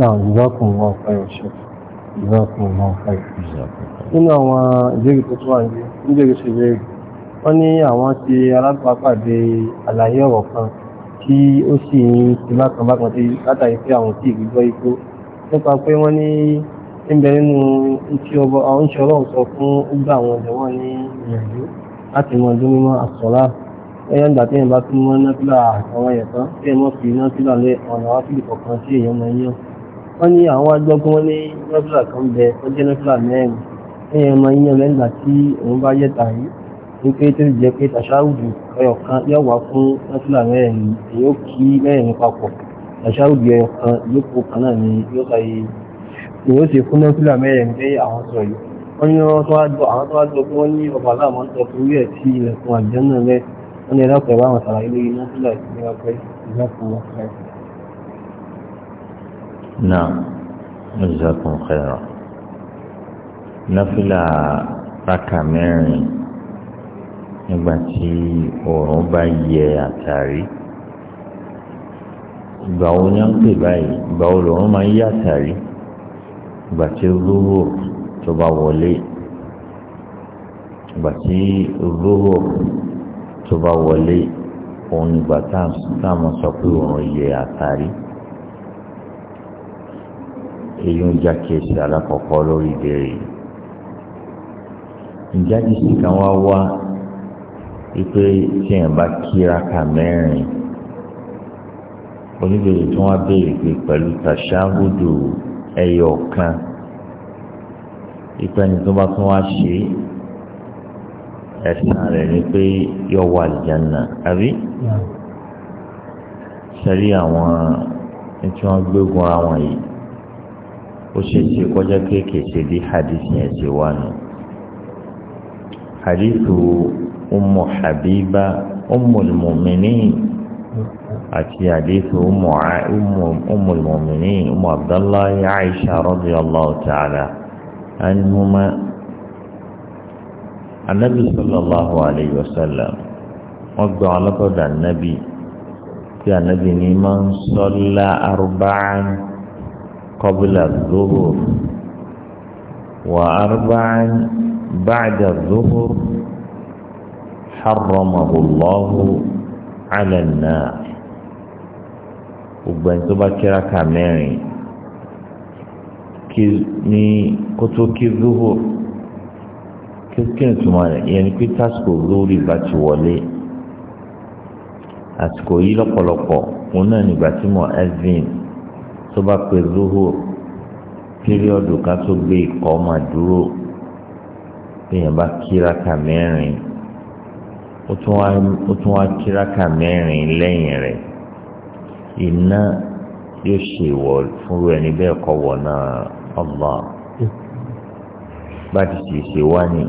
náà ìzọ́kùn wọn fẹ́ ọ̀ṣẹ́ ìzọ́kùn wọn fẹ́ nínú àwọn ìbéèrè tó tún wà ní ìbéèrè ṣe bẹ́ẹ̀ wọ́n ní àwọn ti alábàápàdé àlàyé ọ̀rọ̀ kan tí ó sì ń ti bákan bákan tí látàrí pé àwọn tí ìgbìgbọ́ ikú nípa pé wọ́n ní níbẹ̀ nínú tí àwọn ìṣẹ́ ọlọ́run sọ fún gbà àwọn ọ̀dọ́ wọn ní ìyànjú láti mọ ọdún mímọ́ àsọ̀lá ẹ̀yà ń gbà tí èèyàn bá tún mọ́ náfìlà àwọn ẹ̀yẹ̀ tán tí èèyàn mọ́ fi náfìlà lé ọ̀nà wáfíìlì kọ̀ọ̀kan tí èèyàn mọ yàn wọ́n ní àwọn agbọ́gbọ́n ní nọ́fìlà kan bẹ ó jẹ́ mẹ́rin ẹ̀yẹn ọmọ yíyan lẹ́gbà tí òun bá yẹ tàyí ní pé tó jẹ́ pé tàṣáwùdù ẹyọkan yóò wá fún nọ́fìlà mẹ́rin èyí kí mẹ́rin papọ̀ tàṣáwùdù ẹyọkan yóò kó kan náà ní yóò náà ẹ̀zọ́kùn kẹrọ náfìlà rákà mẹ́rin nígbà tí oòrùn bá yẹ àtàrí ìgbà wo ni wọ́n pè báyìí ìgbà wo lòun máa ń yẹ àtàrí ìgbà tí olówó tó bá wọlé ìgbà tí olówó tó bá wọlé òun ìgbà tá a mọ̀ sọ pé oòrùn yẹ àtàrí èyí ń já kéèsì alákọ̀ọ́kọ́ lórí ìbéèrè ìjáde sì kan wá wá wípé tí èèyàn bá kíraka mẹ́rin oníbèrè tí wọ́n béèrè pé pẹ̀lú tàṣáhùdù ẹyọ kan ìpẹ́ni tó bá tún wá ṣe ẹ̀sán rẹ̀ ni pé yọ wà àlìjáná àbí sẹ́rí àwọn tí wọ́n gbégun ara wọn yìí ó ṣe ṣe kọjá kéékèèṣe bí hadith yẹn ṣe wà nù hadithu ummu habiba ummul mu'minin àti hadithu ummu ummul umm mu'minin ummu abdullahi aisha radiyallahu ta'ala anhuma anabi sallallahu alayhi wa sallam wọn gbọ́ alákọ̀dá anabi tí anabi ní man salla arba'an. قبل الظهر وأربعا بعد الظهر حرمه الله على النار gbogbo ẹni tó bá kíraka mẹ́rin ní kótó kí zuhur kí ni túmọ̀ rẹ̀ ìyẹn ni pé tásìkò lórí ìgbà tí wọlé àsìkò yìí lọ́pọ̀lọpọ̀ òun náà nígbà tí mo ẹ́ zin tó bá pè zuhur píríọ̀dù ká tó gbé ikọ̀ ọmọ dúró èèyàn bá kíráka mẹ́rin ó tún wá kíráka mẹ́rin lẹ́yìn rẹ̀ iná yóò ṣe ẹni bẹ́ẹ̀ kọ́ wọ̀ náà ọgbà bá ti sì ṣe wá ní.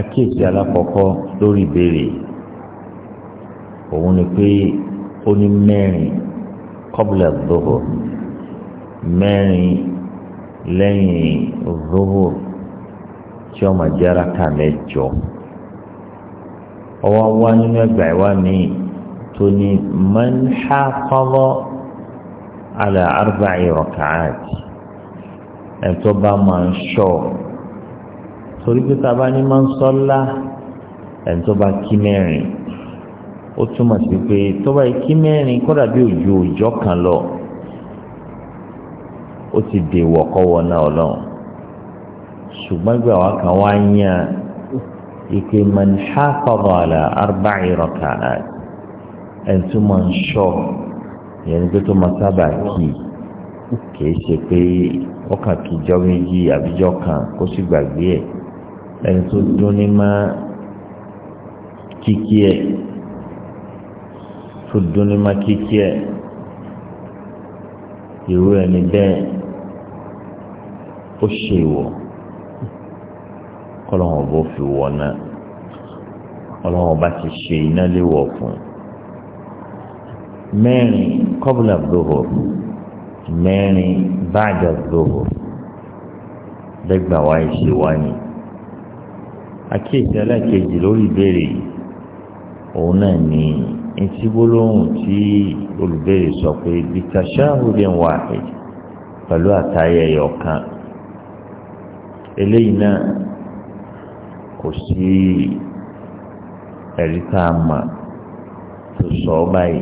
àkíyèsí alákọ̀ọ́kọ́ lórí ìbéèrè òun ni pé. ó ní mẹ́rin kọ́bùlà dòhò mẹ́rin lẹ́yìn dòhò tí ọmọ jẹ́ra kà mẹ́jọ ọwọ́ wá nínú ẹgbà ìwá mi tó ní man hafaza ala arba'i raka'at ẹ̀tọ́ bá máa ń ṣọ́ torí pé tá a bá ní máa ń sọ́lá ẹ̀tọ́ bá kí mẹ́rin ó túmọ̀ sí pé tó bá yìí kí mẹ́rin kódà bí òjò òjọ́ kan lọ ó ti dèwọ̀ kọ́wọ́ náà ọlọ́run ṣùgbọ́n ìgbà wa kan wá ń yàn ike man xaafadọ ala arbaci rakaat ẹn tó máa ń sọ yẹn tó tó máa sábà kì í kìí ṣe pé ọkàn kìjọ méjì àbíjọ kan kó sì gbàgbé ẹ ẹni tó dún ní máa kíkí ẹ tó dunni ma kíkí ẹ irú ẹni bẹ́ẹ̀ ó ṣe ìwọ kọlọ́wọ́n bó fi wọ náà ọlọ́wọ́n bá ti ṣe iná léwọ̀ fún mẹ́rin kọ́bùlà gbòòrò mẹ́rin báàjà gbòòrò lẹ́gbàá wa ìṣe wa ni àkíyèsí alákejì lórí ìbéèrè òun náà ni etí gbólóhùn tí olùbéèrè sọ pé bitashahudi wahid pẹ̀lú àtàyè ẹ̀yọ̀kan eléyìí náà kò sí ẹ̀rí tá a mọ̀ tó sọ ọ́ báyìí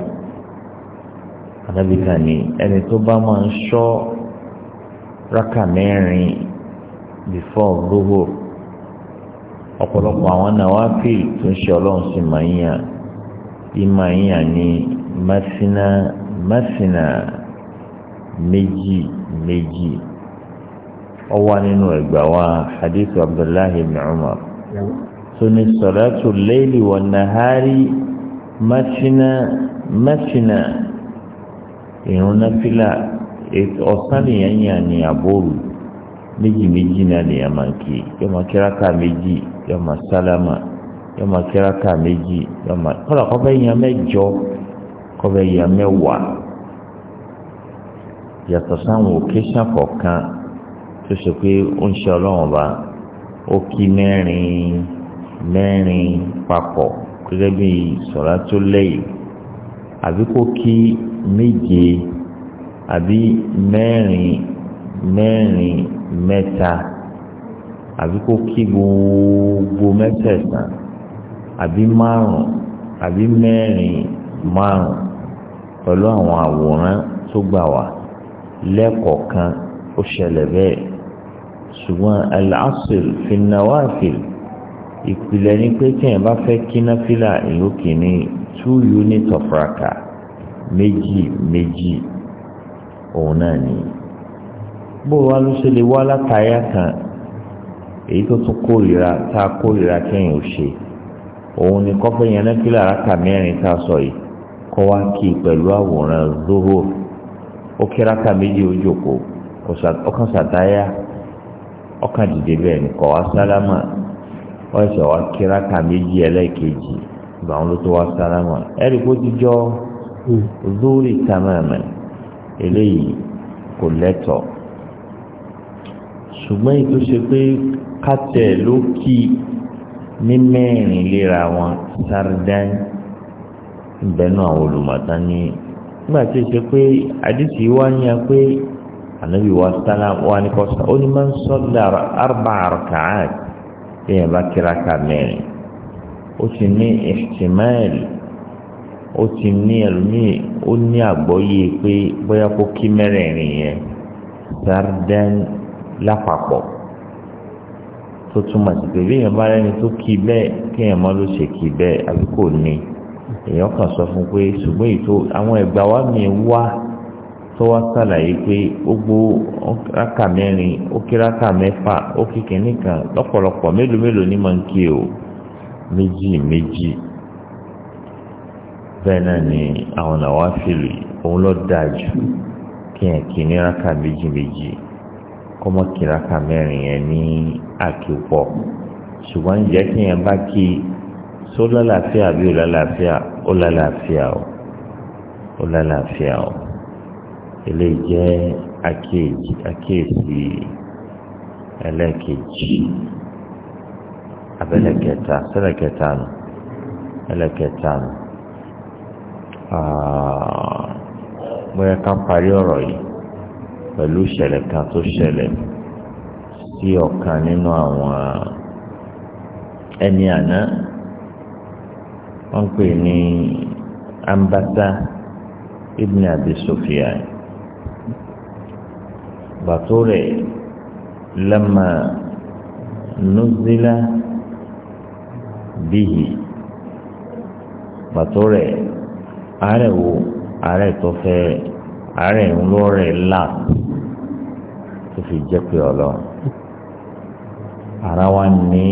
anábìkà ni ẹni tó bá máa ń ṣọ́ rákà mẹ́rin before gbogbo ọ̀pọ̀lọpọ̀ àwọn náà wá pè tó ń ṣe ọlọ́run sí màá yàn. ìmọ̀ yíyan ní masina masina meji méjì ó wà nínú ẹgbà wa hadith abdullahi ibn umar sunni salatu layli wa hari masina masina na fila ọ̀sán nìyẹn yàn ní àbóòrù na méjì náà nìyẹn máa kí yọmọ kíráka méjì yọmọ yọ máa kíráka méjì yọ máa kọ́lá kọ́fẹ́ yan mẹ́jọ kọ́fẹ́ yan mẹ́wàá yàtọ̀ sáwọn òkèṣà kọ̀ọ̀kan tó ṣe pé ó ń ṣe ọlọ́run ọba ó kí mẹ́rin mẹ́rin papọ̀ gẹ́gẹ́ bí sọ̀rọ̀ tó lẹ́yìn àbí kó kí méje àbí mẹ́rin mẹ́rin mẹ́ta àbí kó kí gbogbo mẹ́tẹ̀ẹ̀sán àbí márùn àbí mẹ́rin márùn pẹ̀lú àwọn àwòrán tó gbà wá lẹ́kọ̀ọ̀kan ó ṣẹlẹ̀ bẹ́ẹ̀ ṣùgbọ́n al-asl nawafil ìpìlẹ̀ ni pé tí èèyàn bá fẹ́ kí náfìlà ìlókè ní two units of raka méjì méjì òun náà ni bó wa ló ṣe lè wá látàáyà kan èyí tó tún kórìíra tá a kórìíra kẹ́yìn ò ṣe. òun ni kọ́pẹ́ yẹn nẹ́fìlà mẹ́rin a sọ yìí kọ́ wá kí pẹ̀lú àwòrán zoho ó kí rákà méjì ó ọkàn sàtáyà ọkàn dìde bẹ́ẹ̀ ni kọ́ wá sálámà wọ́n ṣe wá méjì ẹlẹ́ẹ̀kejì ìgbà wọn ló tó wá sálámà ẹ̀rí kó ti jọ eléyìí kò lẹ́tọ̀ ṣùgbọ́n ètò ṣe pé kátẹ́ ló mímẹ́rin léra wọn sardan ìbẹ́nu àwọn olùmọ̀tá ní nígbà tí ó ṣe pé àdìsí wá ní a pé ànábì wa sálá wa ní kọ́ sá ó ní máa ń sọ́dà arba arkaat èèyàn bá kíra ká mẹ́rin ó ti ní ihtimal ó ti ní ẹlòmíì ó ní àgbọ́yé pé bóyá kó kí mẹ́rẹ̀ẹ̀rin yẹn sardan lápapọ̀ tó túmọ̀ sí pé bíyàn bá rẹ́ni tó kí bẹ́ẹ̀ kéèyàn mọ́ ló ṣe kí bẹ́ẹ̀ àbí kò ní èèyàn kan sọ fún pé ṣùgbọ́n ètò àwọn ẹ̀gbà wa mi wá tó wá sàlàyé pé gbogbo rákà mẹ́rin ó kí rákà mẹ́fà ó kí kìíní kan lọ́pọ̀lọpọ̀ mélòó mélòó ní máa ń kí o méjì méjì bẹ́ẹ̀ náà ni àwọn làwọn á fìlì òun lọ́ọ́ dáa jù kéèyàn kí ní rákà méjì méjì kọ́mọ́ kìláka mẹ́rin yẹn ní àkìpọ̀ ṣùgbọ́n ǹjẹ́ kí yẹn bá kí só lálàáfíà bí ó lálàáfíà ó lálàáfíà ó ó lálàáfíà ó eléyìí jẹ́ àkíyèsí ẹlẹ́ẹ̀kejì abẹ́lẹ́kẹta sẹ́lẹ̀kẹta nù ẹlẹ́kẹta nù bóyá ká parí ọ̀rọ̀ yìí pẹ̀lú ìṣẹ̀lẹ̀ kan tó ṣẹlẹ̀ sí ọ̀kan nínú àwọn ẹni àná wọ́n pè ní ambata ibn abi sofia bàtó rẹ̀ lẹ́mà nuzila bíyì bàtó rẹ̀ àárẹ̀ wo àárẹ̀ tó fẹ́ àárẹ̀ ńlọrẹ̀ láàpù tó fi jẹ́ pé ọlọ́run ara wa ní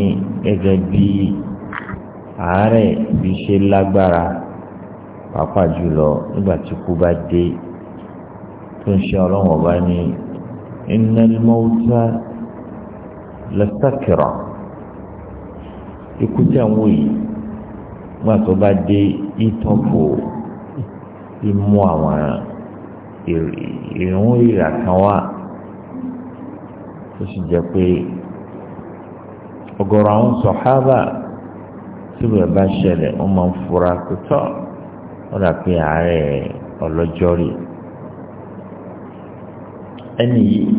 gẹ́gẹ́ bí àárẹ̀ bí ṣe lágbára pàápàá jùlọ nígbà tí kú bá dé tó ń ṣe ọlọ́run ọba ní innal mauta lasakira ikú tí àwọn yìí nígbà tó bá dé ìtọ́fò ìmú àwọn ìrún ìrà kan ó sì jẹ́ pé ọ̀gọ̀rọ̀ àwọn sọ̀hábà tí wọ́n bá ṣẹlẹ̀ wọ́n máa ń fura pẹ̀tọ́ wọ́n dà pé àárẹ̀ ọlọ́jọ́ rè ẹni yìí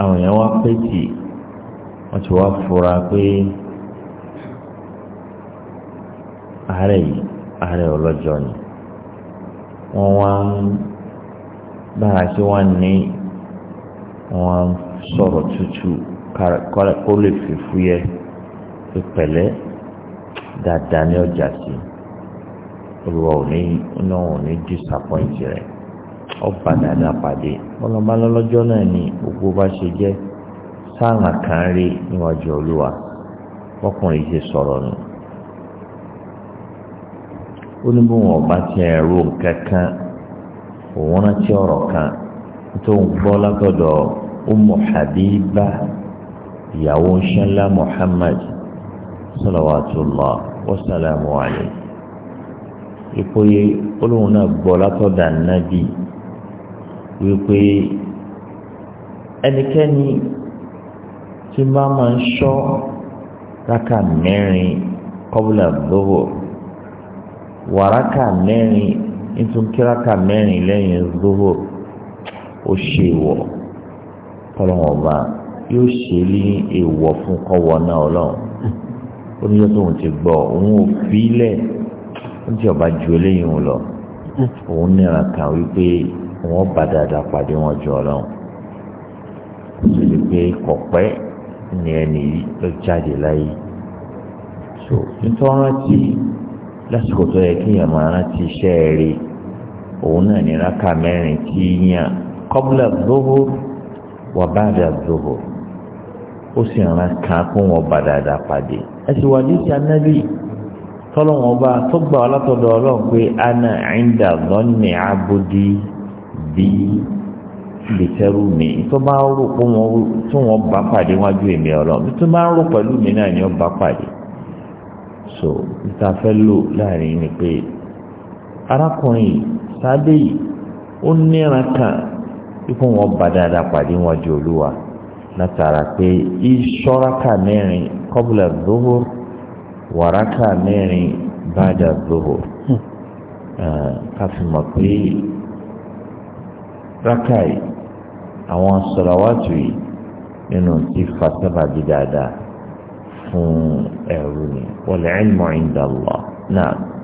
àwọn èèyàn wá pé tì wọ́n ti wá fura pé àárẹ̀ yìí àárẹ̀ ọlọ́jọ́ ni wọ́n wá ń bára ṣe wá ní wọ́n sọ̀rọ̀ tutu kó lè fi fúyẹ́ pẹ̀lẹ́ dáadáa ní ọjà sí olùwà òní náà òní disappoint rẹ̀ ọba dáadáa pàdé ọlọmọlọlọjọ náà ni gbogbo bá ṣe jẹ́ sáànà kan rí níwájú olúwa ọkùnrin ṣe nù ó ní bí wọn bá ti òun rántí kan tó ń ụmụ habiba ìyàwó ńṣẹ́lá muhammad salawatullah wasalamu alayhi ìpòye olóhùn náà gbọ́ látọ̀dà nábì wípé ẹnikẹ́ni tí bá máa ń ṣọ́ raka mẹ́rin kọ́bùlà lówó waraka mẹ́rin nítorí rákà mẹ́rin lẹ́yìn lówó ó ṣe wọ̀. kọ́lọ́wọ́n ọba yóò ṣe ní èèwọ̀ fún kọ́wọ́ náà ọlọ́run ó ní yóò ti gbọ́ òun ò fi ó ti ọba ju eléyìí òun lọ òun níra kan wípé wọn bá dáadáa pàdé wọn jọ ọlọ́run ó sì pé kọ̀pẹ́ ni ẹni ló jáde láyé so nítorí rántí lásìkò tó yẹ kí èèyàn máa rántí iṣẹ́ rẹ̀ òun náà ní rákà mẹ́rin tí yíyan kọ́bùlà gbogbo. Wabada zoho, àdà zòhò ó sì ràn kàn kó wọn bá dáadáa pàdé ẹsẹ̀ wà ní ti anábì tọ́lọ́wọ́n bá tọ́gbà ọlátọ̀dọ̀ ọlọ́run pé ana inda lọ́nì abudi bí bìtẹ́rù mi tó bá rò pé wọn tó wọn bá pàdé wájú èmi ọlọ́run tó bá rò pẹ̀lú mi náà ni ó bá pàdé so níta fẹ́ lò láàrin ni pé arákùnrin sáadé yìí ó níra kan ikú wọn bá dáadáa pàdé wọn ju olúwa látara pé ìṣọ́ráka mẹ́rin kọ́bùlà zuhur wàràkà mẹ́rin bàdà zuhur hmm. káfíńmọ̀ pé rákà yìí àwọn sọ̀rọ̀wátù yìí nínú ti fasábà bí dáadáa fún ẹ̀rù ni wal ilmu inda Allah náà.